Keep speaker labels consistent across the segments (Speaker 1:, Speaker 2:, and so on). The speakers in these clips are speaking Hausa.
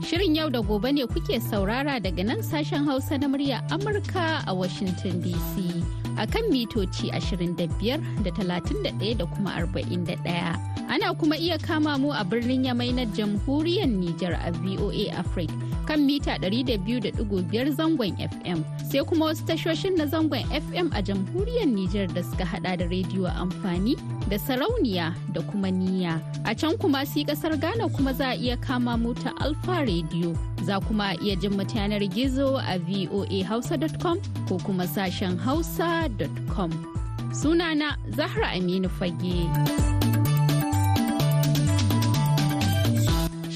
Speaker 1: Shirin yau da gobe ne kuke saurara daga nan sashen Hausa na murya Amurka a Washington DC a kan mitoci 25 da 31 da kuma 41. Ana kuma iya kama mu a birnin Yamai na jamhuriyar Nijar a VOA Africa. kan mita 200.5 zangon FM sai kuma wasu tashoshin na zangon FM a jamhuriyar Nijar da suka hada da rediyo amfani da sarauniya da kuma niya. A can kuma si kasar Ghana kuma za a iya kama mota Alfa rediyo Za kuma iya jin yanar gizo a voahausa.com ko kuma sashen hausa.com. Sunana Zahra Aminu Fage.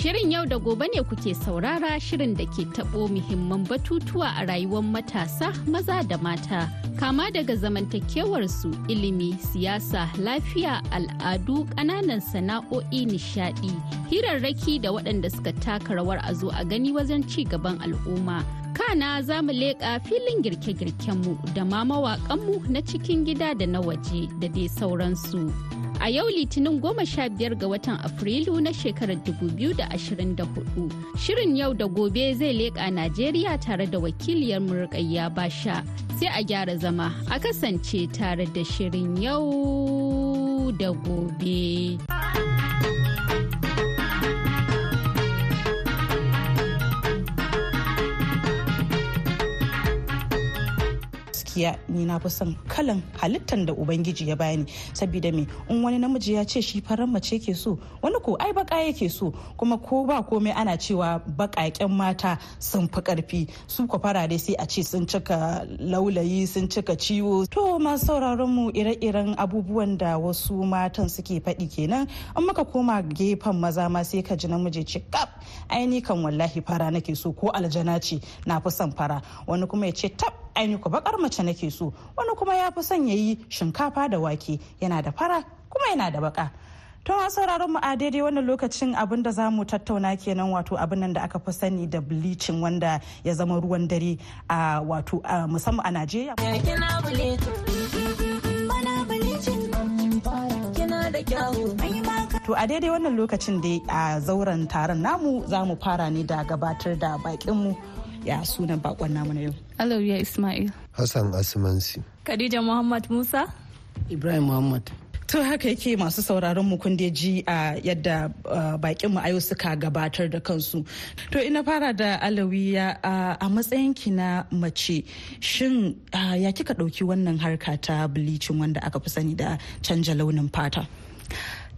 Speaker 1: Shirin yau da gobe ne kuke saurara shirin da ke taɓo muhimman batutuwa a rayuwar matasa maza da mata. Kama daga zamantakewarsu ilimi, siyasa, lafiya, al'adu, ƙananan sana'o'i, nishaɗi, hirarraki da waɗanda suka taka rawar a zo a gani wajen ci gaban al'umma. kana za mu leƙa filin girke-girkenmu da ma mawaƙanmu na cikin gida da na waje da dai sauransu. a yau litinin goma sha biyar ga watan afrilu na shekarar da da ashirin 2024 shirin yau da gobe zai leƙa najeriya tare da wakiliyar murƙayya basha sai a gyara zama a kasance tare da shirin yau da gobe.
Speaker 2: gaskiya ni na fi son kalan halittan da ubangiji ya bani saboda me in wani namiji ya ce shi farar mace ke so wani ko ai baka yake so kuma ko ba komai ana cewa bakaken mata sun fi karfi su fara dai sai a ce sun cika laulayi sun cika ciwo to ma sauraron mu ire-iren abubuwan da wasu matan suke faɗi kenan in muka koma gefen maza ma sai ka ji namiji ce kap ai ni kan wallahi fara nake so ko aljana ce na fi son fara wani kuma ya ce tab ainihin bakar mace nake so wani kuma ya fi son ya yi shinkafa da wake yana da fara kuma yana da baka To a sauraron mu a daidai wannan lokacin abin da za mu tattauna kenan wato abin nan da aka fi sani da bleaching wanda ya zama ruwan dare a wato musamman a Najeriya. To a daidai wannan lokacin da a zauren taron namu za mu fara ne da gabatar da bakinmu ya sunan bakon namu na yau alawiya ismail
Speaker 3: hassan asimansi
Speaker 2: khadija muhammad musa ibrahim muhammad to haka yake masu sauraron mu kun ji a yadda bakin mu ayo suka gabatar da kansu to ina fara da alawiya a matsayinki na mace shin ya kika ɗauki wannan harka ta bleaching wanda aka fi sani da canja launin fata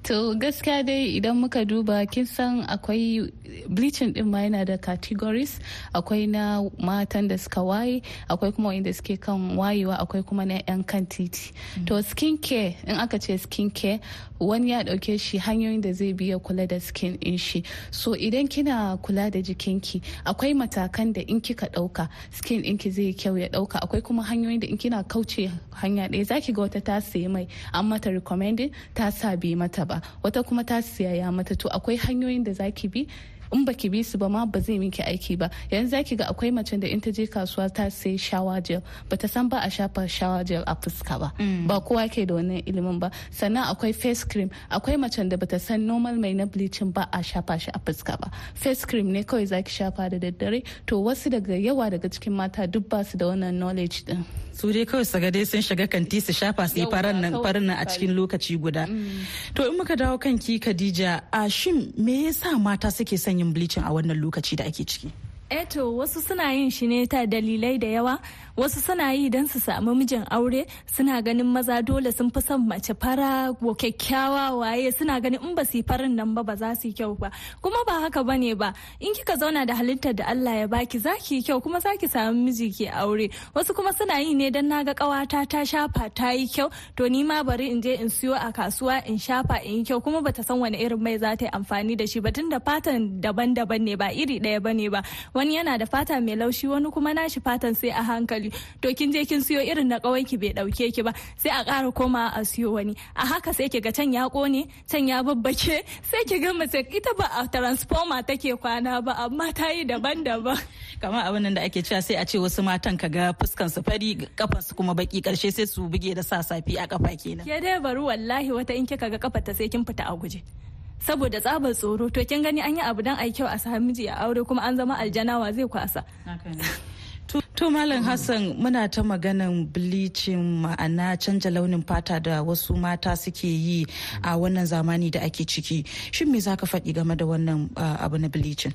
Speaker 4: To gaskiya dai idan muka duba kin san akwai bleaching din ma yana da categories akwai na matan da suka waye akwai kuma wanda suke kan wayewa akwai kuma na 'yan kan titi. Mm. To skin care in aka ce skin care wani ya dauke shi hanyoyin da zai biya kula da skin in shi. So idan kina kula da jikinki akwai matakan da in kika dauka skin in ki zai kyau ya dauka akwai kuma hanyoyin da in kina kauce hanya ɗaya zaki ga wata ta sayi mai an mata recommending ta sa bi mata ba. ba wata kuma ta siya ya mata to akwai hanyoyin da za ki bi in baki bi su ba ma ba zai miki aiki ba yanzu zaki ga akwai macen da in ta je kasuwa ta sai shawa gel ta san ba a shafa shawa gel a fuska ba mm. ba kowa ke da wannan ilimin ba sannan akwai face cream akwai macen da ba ta san normal mai na bleaching ba a shafa shi a fuska ba face cream ne kawai zaki shafa da daddare to wasu daga yawa daga cikin mata duk ba su da wannan knowledge din
Speaker 2: su dai kawai saga dai sun shiga kanti su shafa su yi farin nan a cikin lokaci guda
Speaker 5: mm.
Speaker 2: to in muka dawo kan ki Khadija a shin me yasa mata suke sanya yin bleaching a wannan lokaci da ake ciki
Speaker 5: eto eh wasu suna yin shi ne ta dalilai da yawa wasu suna yi don su samu mijin aure suna ganin maza dole sun fi son mace fara ko kyakkyawa waye suna ganin in ba su farin nan ba ba za su yi kyau ba kuma ba haka ba ne ba in kika zauna da halittar da Allah ya baki za ki yi kyau kuma za ki samu miji ki aure wasu kuma suna yi ne don naga kawata ta shafa ta yi kyau to ni ma bari in je in siyo a kasuwa in shafa in yi kyau kuma bata san wani irin mai za ta yi amfani da shi ba tun da fatan daban-daban ne ba iri ɗaya ba ne ba wani yana da fata mai laushi wani kuma nashi fatan sai a hankali to kin je kin siyo irin na kawai ki bai dauke ki ba sai a kara koma a siyo wani a haka sai ki ga can ya kone can ya babbake sai ki ga mace ita ba a transformer take kwana ba amma ta yi daban-daban kamar abin da ake cewa sai a ce
Speaker 2: wasu matan ka ga fuskan su fari kafan su kuma baki karshe sai su buge da sa safi a kafa kenan
Speaker 5: ke dai bari wallahi wata in kika ga kafarta sai kin fita a guje saboda tsabar tsoro to kin gani an yi abu dan ai kyau a sami miji a aure kuma an zama aljanawa zai kwasa
Speaker 2: To Malam Hassan muna ta maganan bilicin ma'ana canja launin fata da wasu mata suke yi a wannan zamani da ake ciki. Shin me zaka faɗi game da wannan uh, abu na bleaching?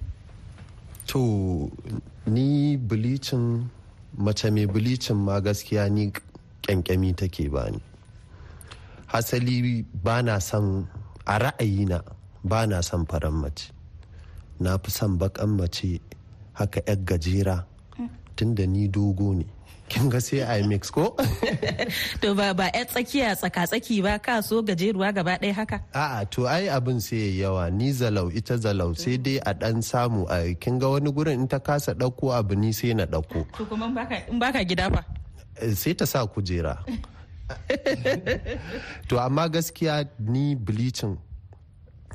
Speaker 3: To ni bleaching mace mai bilicin ma gaskiya ni kyankyami take bani. Hasali ba na son a ra'ayina ba na son faran mace na fi son bakan mace haka 'yar gajera tun da ni dogo ne kin ga sai a mix ko
Speaker 2: to ba ba tsakiya tsaka tsaki ba ka so gajeruwa gaba ɗaya haka
Speaker 3: a'a to ai abin sai yawa ni zalau ita zalau sai dai a dan samu a kin ga wani gurin in ta kasa ɗauko abu ni sai na ɗauko
Speaker 2: to kuma in baka gida fa
Speaker 3: eh, sai ta sa kujera to amma gaskiya ni bleaching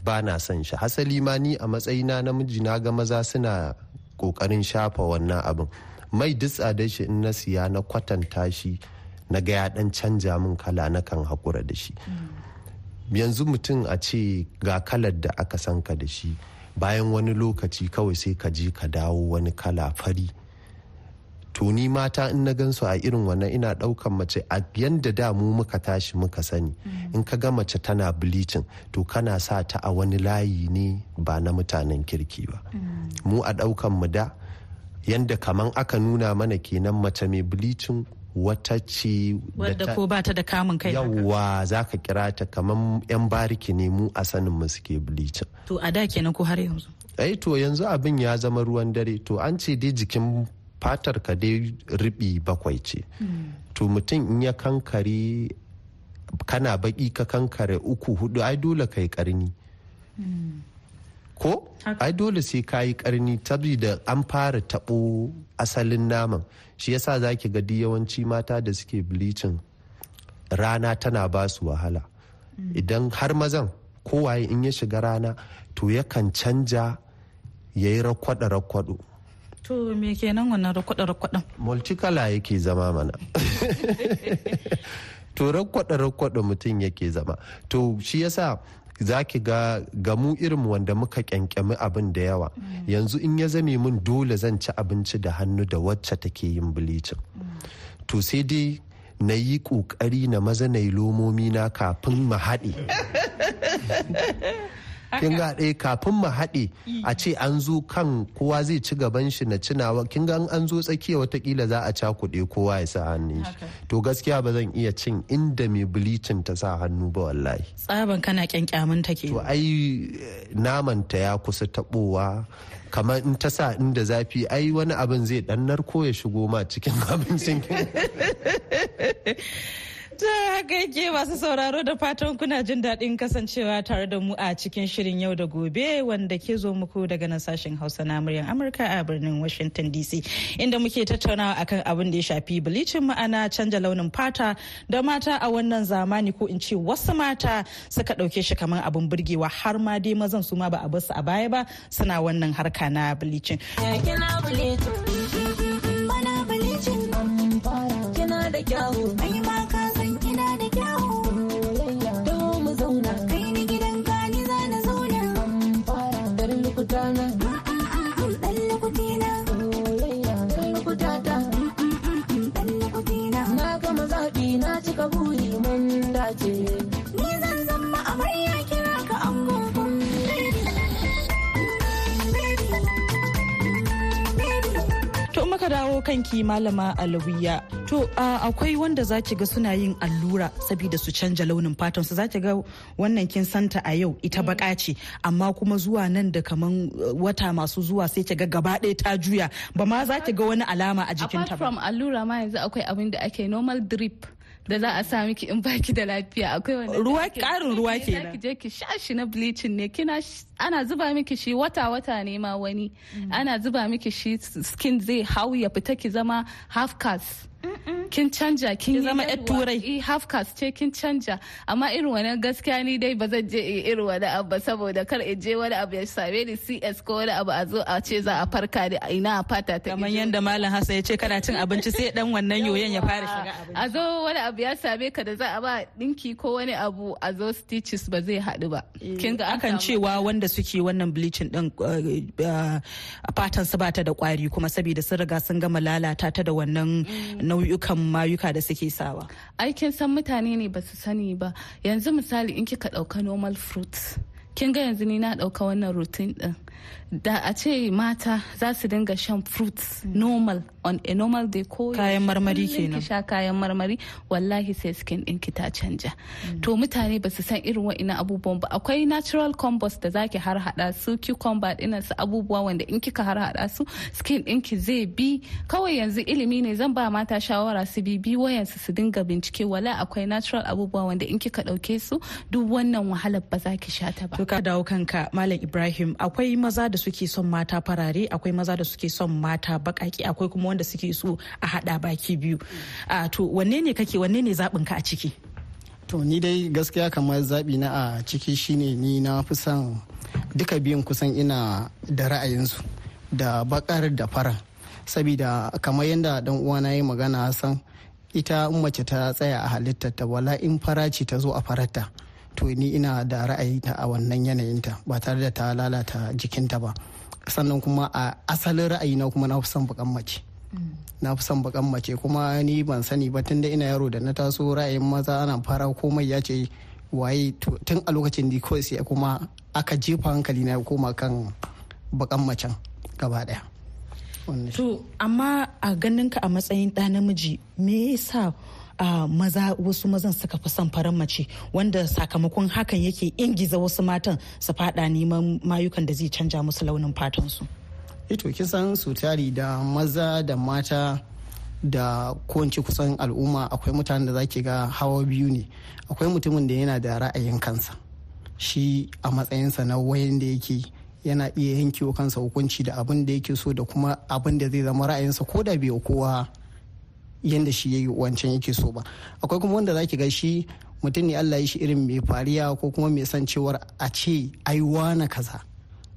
Speaker 3: ba na son shi hasali ma ni a matsayina namiji na ga maza suna kokarin shafa wannan abin mai dutsa da shi in na siya na kwatanta shi na ga ya dan canja min kala na kan hakura da shi yanzu mutum a ce ga kalar da aka san ka da shi bayan wani lokaci kawai sai ka je ka dawo wani kala fari to ni mata in na gansu a irin wannan ina ɗaukan mace a yanda da mu muka tashi muka sani in ka ga mace tana bleaching to kana sa ta a wani layi ne ba na mutanen kirki ba mu a ɗaukan mu da yanda kaman aka nuna mana kenan mace mai bleaching wata ce wadda ko
Speaker 2: ba ta da kamun kai yawwa
Speaker 3: za ka kira ta kaman yan bariki ne mu a sanin mu suke bleaching
Speaker 2: to a da kenan ko har
Speaker 3: yanzu ai eh to yanzu abin ya zama ruwan dare to an ce dai jikin fatar ka dai ribi bakwai ce to mutum in ya kankare kana baki ka kankare uku hudu ai dole ka yi karni ko ai dole sai ka yi karni da an fara tabo asalin naman shi yasa za ki gadi yawanci mata da suke bilicin rana tana ba su wahala idan har mazan kowaye in ya shiga rana to yakan canja ya yi rakwada-rakwado
Speaker 2: To me kenan wannan rakwada-rakwadan?
Speaker 3: Multicolor yake zama mana. to rakwada-rakwada mutum yake zama. To shi yasa za ki ga gamu irin wanda muka kyankyami abin da yawa mm. yanzu in ya zame mun dole zan ci abinci da hannu da wacce take yin bilicin mm. to sai dai na yi ƙoƙari na maza na yi lomomi na kafin mu haɗe kin ga ɗaya eh, kafin mu haɗe a ce an zo kan kowa zai ci gaban shi na cinawa kin ga an zo tsakiya watakila za a ca kuɗi kowa ya sa hannu to gaskiya ba zan iya cin inda mai bilicin ta sa hannu ba wallahi
Speaker 2: tsaban kana kyankyamin ta ke to
Speaker 3: ai naman ta ya kusa tabowa kamar in ta sa inda zafi ai wani abin zai ɗannar ko ya shigo ma cikin abincin
Speaker 2: Ta haka yake masu sauraro da fatan kuna jin daɗin kasancewa tare da mu a cikin shirin yau da gobe wanda ke zo muku daga nan sashen Hausa na muryar Amurka a birnin Washington DC inda muke tattaunawa akan abin da ya shafi bilicin ma'ana canja launin fata da mata a wannan zamani ko in ce wasu mata suka ɗauke shi kamar abin burgewa har ma dai mazan su ma ba a basu a baya ba suna wannan harka na bilicin.
Speaker 5: Kina
Speaker 2: kanki malama alawiya to akwai wanda za ki ga suna yin allura saboda su canja launin fatan su za ki ga wannan kin santa a yau ita mm. baka ce amma kuma zuwa nan da kaman uh, wata masu zuwa sai ki ga gaba ɗaya ta juya ba ma za ki ga wani alama a jikinta ba apart
Speaker 4: from allura ma yanzu akwai abin da ake normal drip da za a sa miki in baki da lafiya akwai wani ruwa karin ruwa ke zaki je ki sha shi na bleaching ne kina ana zuba miki shi wata wata ne ma wani mm. ana zuba miki shi skin zai hau ya fita ki zama half cast kin canja kin zama yar turai eh, half cast ce kin canja amma irin wani gaskiya ni dai ba zan je irin wani abu ba saboda kar in je wani abu ya same ni CS ko wani abu a zo a ce za a farka da ina a fata ta kamar yadda malam hasa ya ce kana cin abinci sai dan wannan yoyon ya fara shiga abinci a zo wani abu ya same ka da za a ba dinki ko wani abu a zo stitches ba zai haɗu ba eh, kin ga akan
Speaker 2: cewa wanda suke wannan bleaching din eh, fatan su bata da kwari kuma saboda sun riga sun gama lalata ta da wannan mm. nau'ukan mayuka da suke sawa
Speaker 4: aikin san mutane ne ba su sani ba yanzu misali in kika ɗauka normal fruits kin ga yanzu ni na ɗauka wannan routine ɗin da a ce mata za su dinga shan fruits normal on a normal day ko kayan marmari kenan sha kayan marmari wallahi sai skin ki ta canja to mutane ba su san irin wa'ina abubuwan ba akwai natural compost da zaki har hada su cucumber dinan su abubuwa wanda in kika har hada su skin ɗinki zai bi kawai yanzu ilimi ne zan ba mata shawara su bi bi wayan su dinga bincike wala akwai natural abubuwa wanda in kika dauke su duk wannan wahalar ba za ki sha ta ba
Speaker 2: ka dawo kanka malam ibrahim akwai maza da suke son mata farare akwai maza da suke son mata bakaki akwai kuma wanda suke so a hada baki biyu a to wanne ne kake wanne ne zaɓin ka a ciki
Speaker 6: to ni dai gaskiya kamar zaɓi na a ciki shine ni na fi son duka biyun kusan ina da ra'ayinsu da bakar da fara sabida kamar yadda dan uwana yi magana san ita mace ta tsaya a halittar ta wala in fara ce ta zo a fararta to ni ina da ra'ayi ta a wannan yanayin ta ba tare da ta lalata jikinta ba sannan kuma a asalin ra'ayi na kuma na fi son bakan mace na fi son bakan mace kuma ni ban sani ba tun da ina yaro da na taso ra'ayin maza ana fara komai ya ce waye tun a lokacin da kawai sai kuma aka jefa hankali na koma kan bakan macen gaba daya
Speaker 2: to amma a ganin ka a matsayin ɗa namiji me yasa maza wasu mazan suka fi son faran mace wanda sakamakon hakan yake ingiza wasu matan su fada neman mayukan da zai canja
Speaker 6: musu launin fatan su. ito eh kisan su tari da maza da mata da kowace kusan al'umma akwai mutanen da zaki ga hawa biyu ne akwai mutumin da yana da ra'ayin kansa shi a matsayinsa na wayan da yake yana iya yankewa kansa hukunci da abin da yake so da kuma abin da zai zama ra'ayinsa ko da bai kowa yadda shi ya yi wancan yake so ba akwai kuma wanda zaki ga shi mutum ne allah ya shi irin mai fariya ko kuma mai san cewar a ce ai kaza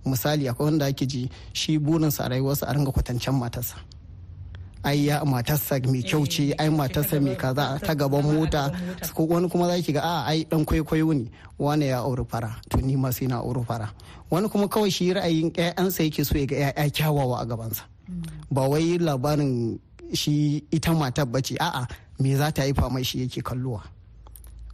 Speaker 6: misali akwai wanda ake ji shi burinsa a rayuwarsa a ringa kwatancen matarsa ai ya matarsa mai kyau ce eh, ai matarsa mai kaza ta gaban mota ko wani kuma zaki ga a ai dan kwaikwayo ne wani ya auri fara to ni ma sai na auri fara wani kuma kawai shi ra'ayin ƴaƴansa yake so ya ga ƴaƴa kyawawa a gabansa mm. ba wai labarin shi ita matar bace a'a me za ta haifa mai shi yake kalluwa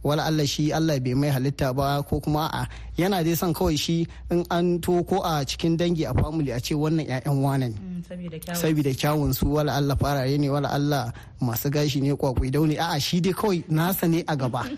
Speaker 6: wala Allah shi Allah bai mai halitta ba ko kuma a'a yana dai son kawai shi in an to ko a cikin dangi a family a ce wannan 'ya'yan wane ne
Speaker 5: mm, saboda
Speaker 6: kyawun su wala Allah farare ne wala Allah masu gashi ne kwakwai daune a'a shi dai kawai nasa ne a gaba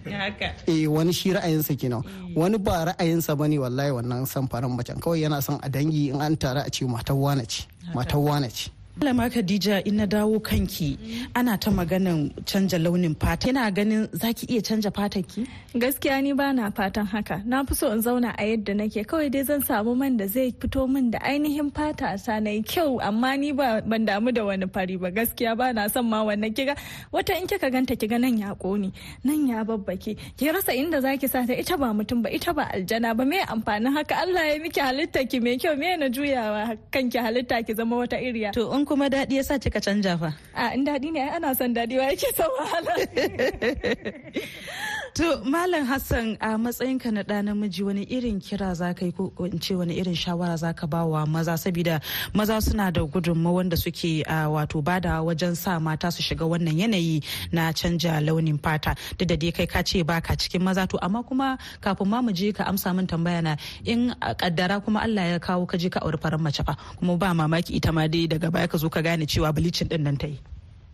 Speaker 6: eh wani shi ra'ayinsa kenan mm. wani ba ra'ayinsa bane wallahi wannan san faran macen kawai yana son a dangi in an tara a ce matar wane ce matar wane ce
Speaker 2: Malama Khadija in na dawo kanki ana ta maganan canja launin fata. Kina ganin zaki iya canja ki?
Speaker 5: Gaskiya ni ba na fatan haka. Na fi so in zauna a yadda nake kawai dai zan samu man da zai fito min da ainihin fata a nai kyau amma ni ba ban damu da wani fari ba gaskiya ba na son ma wannan kiga wata in kika ganta kiga nan ya kone nan ya babbake ki rasa inda zaki sa ta ita ba mutum ba ita ba aljana ba me amfanin haka Allah ya miki halitta ki me kyau me na juyawa kanki halitta ki zama wata iriya. kuma daɗi ya sa kika canja fa a in daɗi ne ana son daɗi wa yake son wahala To
Speaker 2: Malam Hassan a matsayinka na ɗa namiji wani irin kira za ka yi ko in ce wani irin shawara za ka ba maza saboda maza suna da gudunmawa wanda suke wato bada wajen sa mata su shiga wannan yanayi na canja launin fata duk da dai kai ka ce baka cikin maza to amma kuma kafin ma mu je ka amsa min tambaya na in kaddara kuma Allah ya kawo ka je ka auri farin mace fa kuma ba mamaki ita ma dai daga baya ka zo ka gane cewa bilicin din nan ta yi.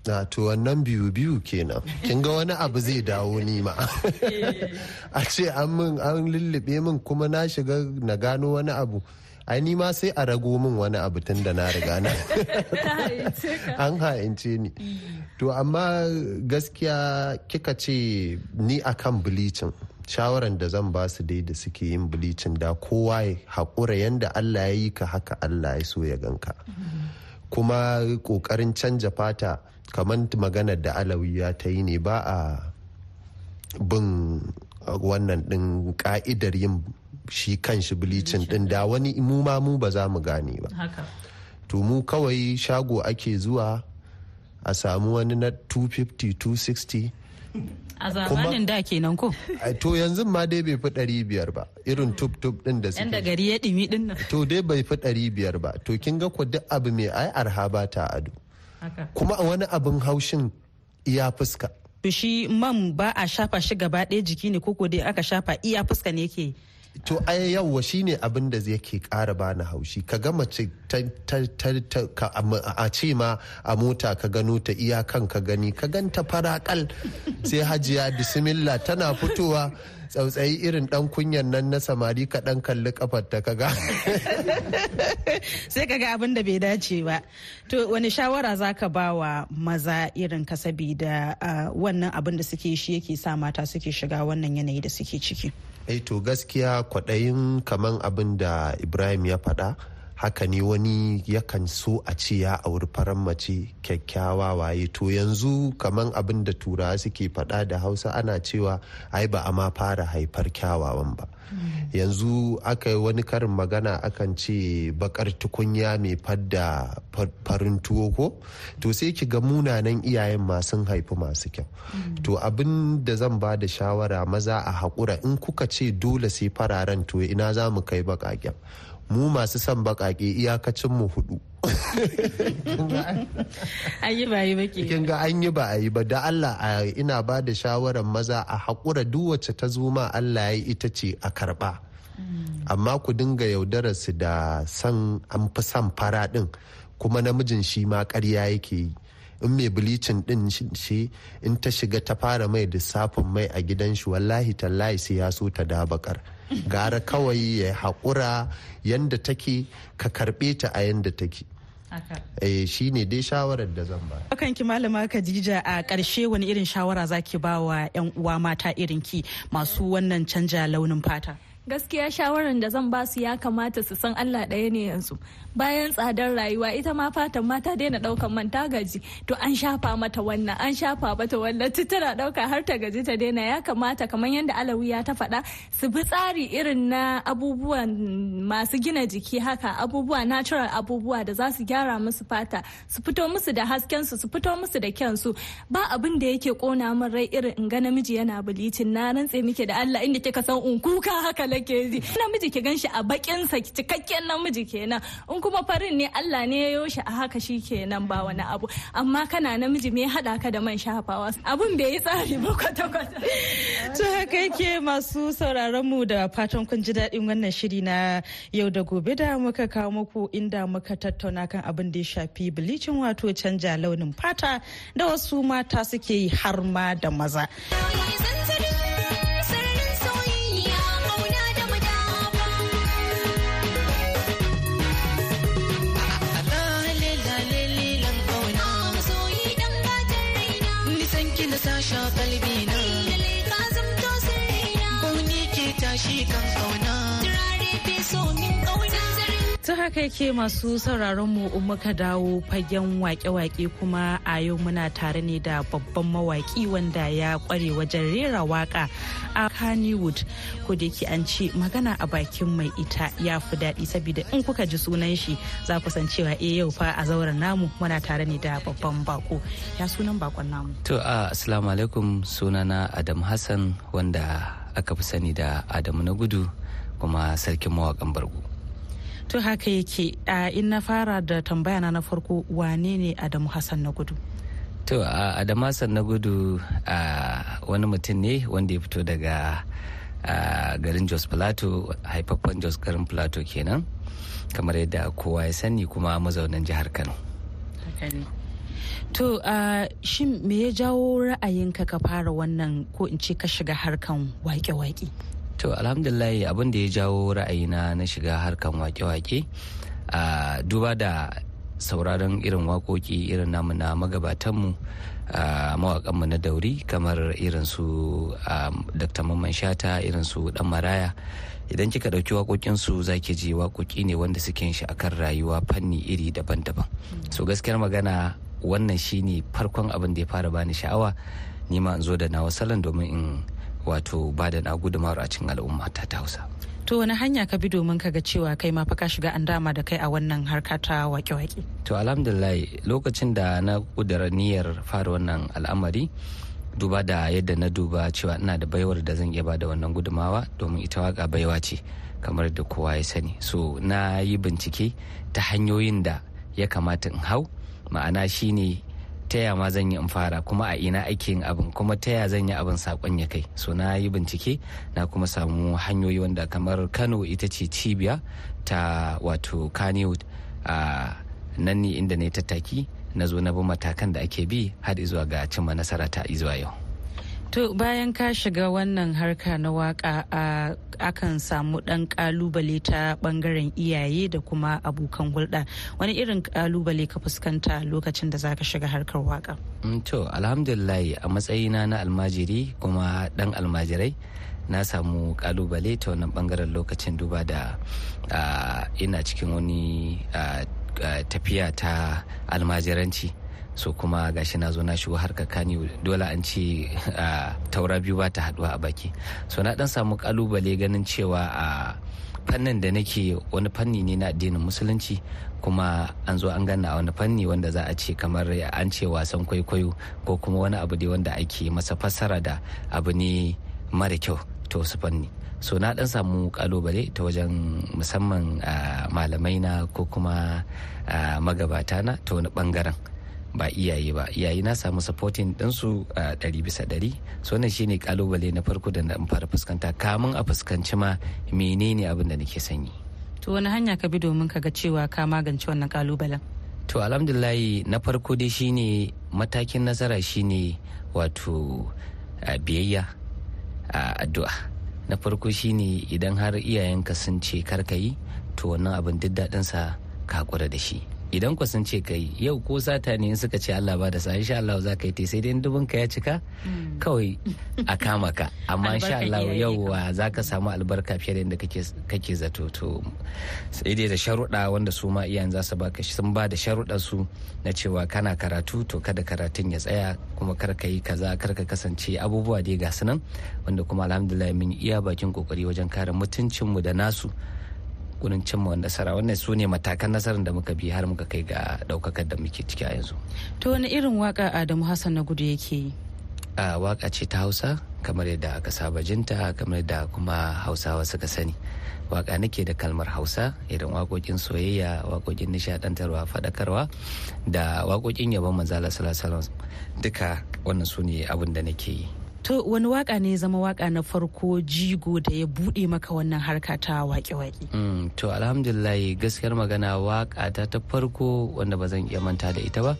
Speaker 3: na to wannan biyu biyu kenan kin ga wani abu zai dawo ni ma a ce an min an lullube min kuma na shiga na gano wani abu ai ni ma sai a rago min wani abu tun da na riga na an ha'ince ni to amma gaskiya kika ce ni akan bilicin shawaran da zan ba su dai da suke yin bilicin da kowa ya haƙura yanda allah ya yi ka haka allah ya so ya ganka kuma ƙoƙarin canja fata kamar maganar da ya ta yi ne ba a bin wannan ɗin ka'idar yin shi kan shi bilicin ɗin da wani mu ma mu ba za mu gane ba to mu kawai shago ake zuwa a samu wani na 250 260
Speaker 2: a zamanin da kenan ko
Speaker 3: to yanzu ma dai bai fi ɗari biyar ba irin tub tub din da suke da
Speaker 2: gari ya dimi din
Speaker 3: nan to dai bai fi ɗari biyar ba to kin ga ko duk abu mai ai arha ba ta ado kuma a wani abin haushin iya fuska to shi man ba a shafa shi gaba ɗaya jiki ne koko dai aka shafa iya fuska ne yake to ai yawwa shine abin da ke ƙara bani haushi ka gama a ce ma a mota ka gano ta iya kan ka gani ka ganta farakal sai hajiya bismillah tana fitowa tsautsayi irin dan kunyan nan na samari ka dan kalli kafar ta kaga
Speaker 2: sai kaga abin da bai dace ba to wani shawara zaka ba wa maza irin ka sabida wannan abin da suke shi yake sa mata suke shiga wannan
Speaker 3: yanayi da suke ciki Eh, to gaskiya kwaɗayin kaman abin da ibrahim ya faɗa haka ne wani yakan so a ce ya auri faran mace kyakkyawa waye to yanzu kaman abin da turawa suke faɗa da hausa ana cewa ai ba a ma fara haifar kyawawan ba mm. yanzu aka yi wani karin magana akan ce bakar tukunya mai fadda farin tuwo ko to sai ki ga munanan iyayen masu haifi masu kyau mm. to abin da zan ba da shawara maza a haƙura in kuka ce dole sai fararen to ina za mu kai baƙaƙen mu masu son baƙaƙe iyakacin mu hudu ba ayi ba ke kin ga an yi ba a yi ba da Allah ina ba da shawarar maza a haƙura duk wacce ta zo ma Allah ya ita ce a karɓa amma ku dinga yaudarar su da san an fi son fara ɗin kuma namijin shi ma ƙarya yake yi in mai bilicin din shi in ta shiga ta fara mai da safin mai a gidan shi wallahi tallahi sai ya so ta dabakar gara kawai ya haƙura yanda take ka karɓe ta a yanda take E, shi ne dai shawarar da zan ba.
Speaker 2: Akan ki malama Khadija a ƙarshe wani irin shawara zaki ba wa 'yan uwa mata irin ki masu wannan canja launin fata?
Speaker 5: gaskiya shawarar da zan basu ya kamata su san Allah ɗaya ne yanzu bayan tsadar rayuwa ita ma fatan mata daina ɗaukar man gaji to an shafa mata wannan an shafa mata wannan ta tana ɗauka har ta gaji ta daina ya kamata kamar yadda ya ta faɗa su bi tsari irin na abubuwan masu gina jiki haka abubuwa natural abubuwa da za su gyara musu fata su fito musu da hasken su su fito musu da su ba abin da yake kona min rai irin in ga namiji yana bilicin na rantse miki da Allah inda kika san in kuka haka nake ji namiji ki ganshi a bakin sa cikakken namiji kenan in kuma farin ne Allah ne ya yo a haka shi kenan ba wani abu amma kana namiji me haɗa ka da man shafawa abun bai yi tsari ba kwata kwata to haka
Speaker 2: yake masu sauraron mu da fatan kun ji daɗin wannan shiri na yau da gobe da muka kawo muku inda muka tattauna kan abin da ya shafi bilicin wato canja launin fata da wasu mata suke yi har ma da maza. shot ta haka yake masu sauraron mu in muka dawo fagen wake-wake kuma a yau muna tare ne da babban mawaki wanda ya kware wajen rera waka a Kannywood ko da yake an ce magana a bakin mai ita ya fi daɗi saboda in kuka ji sunan shi za ku san cewa eh yau fa a zauren namu muna tare ne da babban bako ya sunan bakon namu
Speaker 7: to a assalamu alaikum sunana Adam Hassan wanda aka fi sani da Adamu na gudu kuma sarkin mawakan bargo
Speaker 2: to haka yake in na fara da tambaya na na farko wane ne adamu hassan na gudu
Speaker 7: to adamu hassan na gudu wani mutum ne wanda ya fito daga garin jos plato haifaffan jos garin plato kenan kamar yadda kowa ya sani kuma mazaunin jihar kano
Speaker 2: To shin me ya jawo ra'ayinka ka fara wannan ko in ce ka shiga harkan wake-wake?
Speaker 7: to alhamdulillah abin da ya jawo ra'ayina na shiga harkan wake-wake a duba da sauraron irin waƙoƙi irin namu na magabatanmu mawakanmu na dauri kamar irin su dr mamman shata irin su dan maraya idan kika ɗauki waƙoƙinsu za ki ji waƙoƙi ne wanda suke shi akan rayuwa fanni iri daban-daban so gaskiyar magana wannan shine farkon abin da ya fara bani sha'awa nima in zo da nawa salon domin in wato ba da na gudumar a cikin al'umma ta ta hausa
Speaker 2: to wani hanya ka bi domin ka ga cewa kai ma fa ka shiga an dama da kai a wannan harka ta wake-wake
Speaker 7: to alhamdulillah lokacin da na kudura niyyar fara wannan al'amari duba da yadda na duba cewa ina da baiwar da zan iya bada wannan gudumawa domin ita waka baiwa ce kamar da kowa ya sani so na yi bincike ta hanyoyin da ya kamata in hau ma'ana shine taya ma zan yi in fara kuma a ina ake abin kuma taya zan yi abin sakon ya kai so na yi bincike na kuma samu hanyoyi wanda kamar kano ita ce cibiya ta wato kanewood a nan ne inda na yi tattaki na zo na bi matakan da ake bi har izuwa ga cimma nasara ta izuwa yau
Speaker 2: To bayan ka shiga wannan harka na waka akan samu ɗan kalubale ta bangaren iyaye da kuma abokan hulɗa wani irin kalubale ka fuskanta lokacin da zaka shiga harkar waka.
Speaker 7: Mm, to alhamdulillah a matsayina na almajiri kuma ɗan almajirai na samu kalubale ta wannan bangaren lokacin duba da ina cikin wani tafiya ta almajiranci so kuma gashi na zo na shigo harkar kani dole an ce taura biyu ba ta haduwa a baki so na dan samu kalubale ganin cewa a fannin da nake wani fanni ne na addinin musulunci kuma an zo an gana a wani fanni wanda za a ce kamar an ce wasan kwaikwayo ko kuma wani abu dai wanda ake masa fassara da abu ne mara kyau ta wasu fanni so na dan samu kalubale ta wajen musamman malamai na ko kuma magabata na ta wani bangaren ba iyaye ba iyaye na samu supportin ɗinsu a ɗari bisa ɗari so wannan shine kalubale na farko da na fara fuskanta kamun a fuskanci ma menene abin da nake sanyi
Speaker 2: to wani hanya ka bi domin ka ga cewa ka magance wannan kalubalen
Speaker 7: to alhamdulillah na farko dai shine matakin nasara shine wato biyayya a addu'a na farko shine idan har iyayenka sun ce karka yi to wannan abin duk daɗinsa ka kura da shi idan ku sun ce kai yau ko sata ne suka ce Allah ba da sa insha Allah za ka yi te sai dai dubin ka ya cika mm. kawai a kama ka amma insha Allah wa za ka samu albarka fiye da ka kake zato to sai dai da sharuɗa wanda su ma iyayen za su baka sun ba da sharuɗa su na cewa kana karatu to kada karatun ya tsaya kuma kar ka yi kaza kar ka kasance abubuwa dai ga nan wanda kuma alhamdulillah mun iya bakin kokari wajen kare mutuncin mu da nasu gurin cimma nasara wannan su ne matakan nasarar da muka bi har muka kai ga daukakar da muke ciki a yanzu
Speaker 2: to wani irin waka adamu hassan na gudu yake yi
Speaker 7: a waka ce ta hausa kamar yadda aka saba jinta kamar yadda kuma hausawa suka sani waka nake da kalmar hausa idan wakokin soyayya wakokin nishadantarwa fadakarwa da wakokin yabon manzala sallallahu duka wannan su ne abin da nake yi
Speaker 2: To wani waka ne zama waka na farko jigo da ya buɗe maka wannan harka ta waƙe-waƙe?
Speaker 7: Mm, to alhamdulillah gaskiyar magana waka ta ta farko wanda ba zan iya manta da ita ba.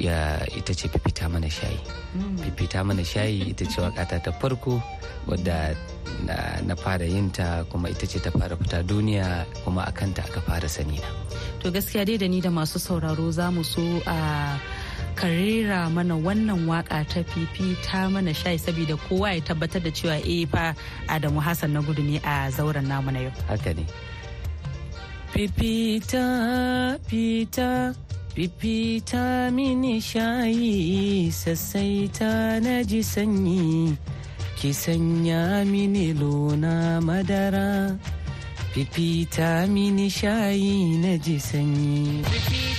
Speaker 7: ya ita ce fifita mana shayi mm. fifita mana shayi ita ce wakata ta farko wadda na fara yin ta kuma ita ce ta fara fita duniya kuma a aka fara sani na
Speaker 2: to gaskiya dai da ni da masu sauraro za mu so a ah, ka rera mana wannan waka ta fifita mana shayi saboda kowa ya tabbatar da cewa eh fa Adamu Hassan na gudu ne a zauren namu na yau.
Speaker 7: Haka ne. Fifita fifita mini shayi sassaita na ji sanyi ki sanya mini lona madara fifita mini shayi na ji sanyi.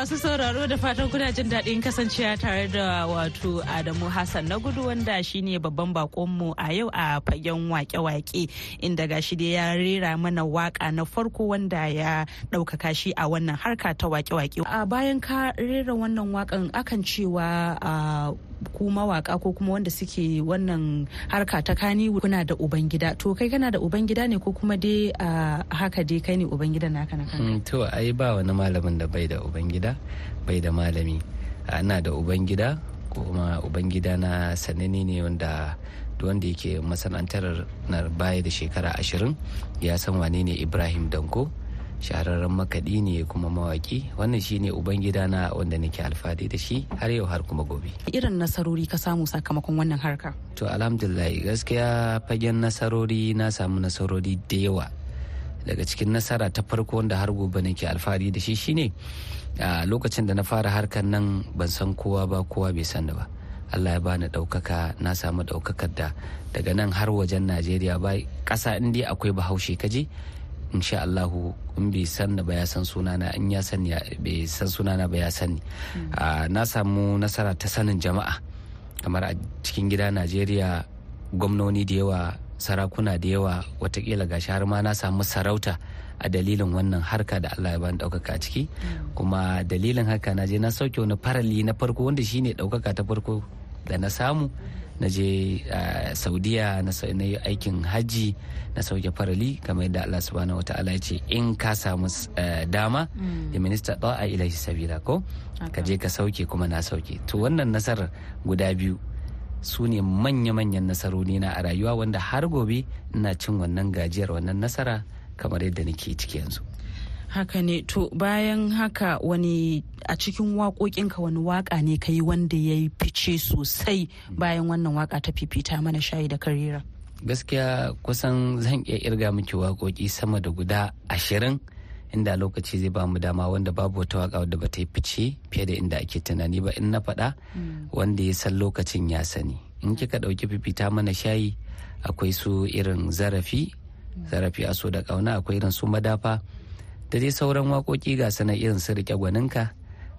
Speaker 2: masu sauraro da fatan kuna jin daɗin kasancewa tare da wato Adamu Hassan na gudu wanda shine babban bakonmu a yau a fagen wake-wake inda gashi dai ya rera mana waka na farko wanda ya ɗaukaka shi a wannan harka ta wake-wake. A bayan ka rera wannan wakan akan cewa ah, ku mawaka ko kuma wanda suke wannan harka ta kani kuna da ubangida to kai kana da ubangida ne ko kuma dai a haka dai kai ne ubangida naka na
Speaker 7: hmm, to ai ba wani malamin da bai da ubangida bai da malami ana da ubangida kuma ubangida na sanani ne wanda wanda yake masana'antar na baya da shekara ashirin ya san wane ne ibrahim danko shahararren makaɗi ne kuma mawaƙi wannan shine uban na wanda nake alfahari da shi har yau har kuma gobe
Speaker 2: irin nasarori ka samu sakamakon wannan harka
Speaker 7: to alhamdulillah gaskiya fagen nasarori na samu nasarori da yawa daga cikin nasara ta farko wanda har gobe nake alfahari da shi shine a lokacin da na fara harkar nan ban san kowa ba kowa bai san da ba Allah ya bani ɗaukaka na samu ɗaukakar da daga nan har wajen Najeriya ba ƙasa in akwai bahaushe kaje insha Allahu in bai san ba ya san sunana in ya sani bai san sunana ba ya sani mm. ah, na samu nasara ta sanin jama'a kamar a cikin gida Najeriya gwamnoni da yawa sarakuna da yawa watakila gashi har ma na samu sarauta a dalilin wannan harka da Allah ya bani daukaka a ciki mm. kuma dalilin haka na je na sauke wani farali na farko wanda shine daukaka ta farko da na samu na je saudiya na yi aikin hajji na sauke farali kamar yadda allah subhanahu wa ta'ala ya ce in ka samu dama mm. da minista ɗa'a ilahi sabila ko ka je ka sauke kuma na sauke to wannan nasarar guda biyu su ne manya-manyan nasaroni na a rayuwa wanda har gobe ina cin wannan gajiyar wannan nasara kamar yadda nake ciki yanzu
Speaker 2: haka ne to bayan haka wani a cikin waƙoƙinka wani waƙa ne ka yi wanda ya yi fice sosai bayan wannan waƙa ta fifita mana shayi da karira
Speaker 7: gaskiya kusan zan iya irga miki waƙoƙi sama da guda ashirin inda lokaci zai ba mu dama wanda babu wata waka wadda ba ta yi fice fiye da inda ake tunani ba in na faɗa mm. wanda ya san lokacin ya sani in kika ɗauki fifita mana shayi akwai su irin zarafi mm. zarafi a da ƙauna akwai irin su madafa da dai sauran waƙoƙi ga sanar irin su rike gwaninka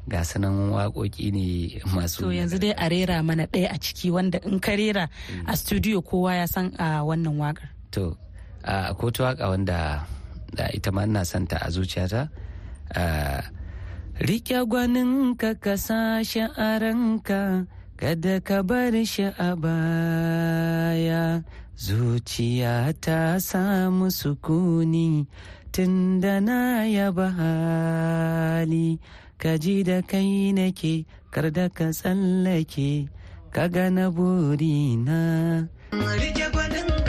Speaker 7: ga sanan waƙoƙi ne masu to
Speaker 2: yanzu dai a rera mana ɗaya a ciki wanda in ka rera
Speaker 7: a studio kowa ya san a ah, wannan waƙar to a ko waƙa wanda ita ma ina santa a zuciyata rike gwaninka ka sa shi kada ka bar shi a baya zuciya ta samu sukuni tun da na yaba hali ka ji da kai nake kar da ka tsallake ka gana burina. na.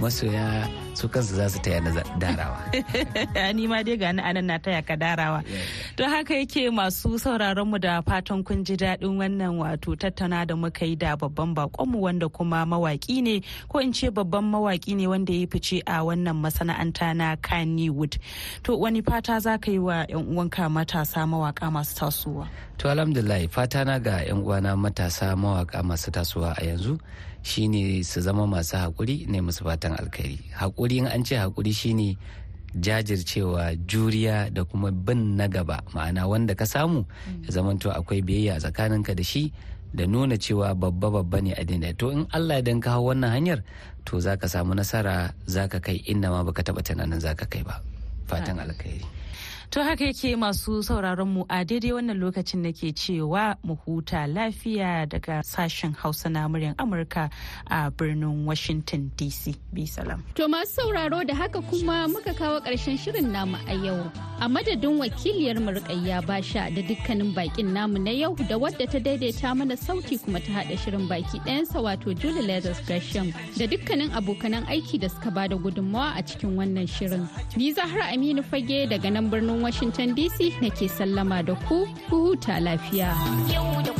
Speaker 7: masoya su kansu za su taya na darawa.
Speaker 2: Ni ma dai gani anan na taya ka darawa. To haka yake masu sauraronmu da fatan kun ji daɗin wannan wato tattauna da muka yi da babban bakonmu wanda kuma mawaki ne ko in ce babban mawaki ne wanda ya fice a wannan masana'anta na Kannywood. To wani fata za ka yi wa 'yan uwanka matasa mawaka masu tasowa?
Speaker 7: To alhamdulillah fata na ga 'yan uwana matasa mawaka masu tasowa a yanzu shine su zama masu haƙuri ne musu fatan alkhairi haƙuri in an ce haƙuri shine jajircewa juriya da kuma bin na gaba ma'ana wanda ka samu mm. ya to akwai biyayya tsakaninka da shi da nuna cewa babba babba ne a dinda to in Allah dan ka hau wannan hanyar to zaka samu nasara zaka kai inda ma baka taɓa tunanin zaka kai ba fatan alkhairi
Speaker 2: To haka yake masu sauraron mu a daidai wannan lokacin nake cewa mu huta lafiya daga sashen Hausa na muryar Amurka a birnin Washington DC. Bi
Speaker 1: salam. To masu sauraro da haka kuma muka kawo ƙarshen shirin namu a yau. A madadin wakiliyar mu Rukayya Basha da dukkanin bakin namu na yau da wadda ta daidaita mana sauti kuma ta haɗa shirin baki ɗayansa wato Julie Leathers Gresham da dukkanin abokanan aiki da suka bada gudunmawa a cikin wannan shirin. Ni Zahra Aminu Fage daga nan birnin birnin Washington DC nake sallama da ku, ku huta lafiya.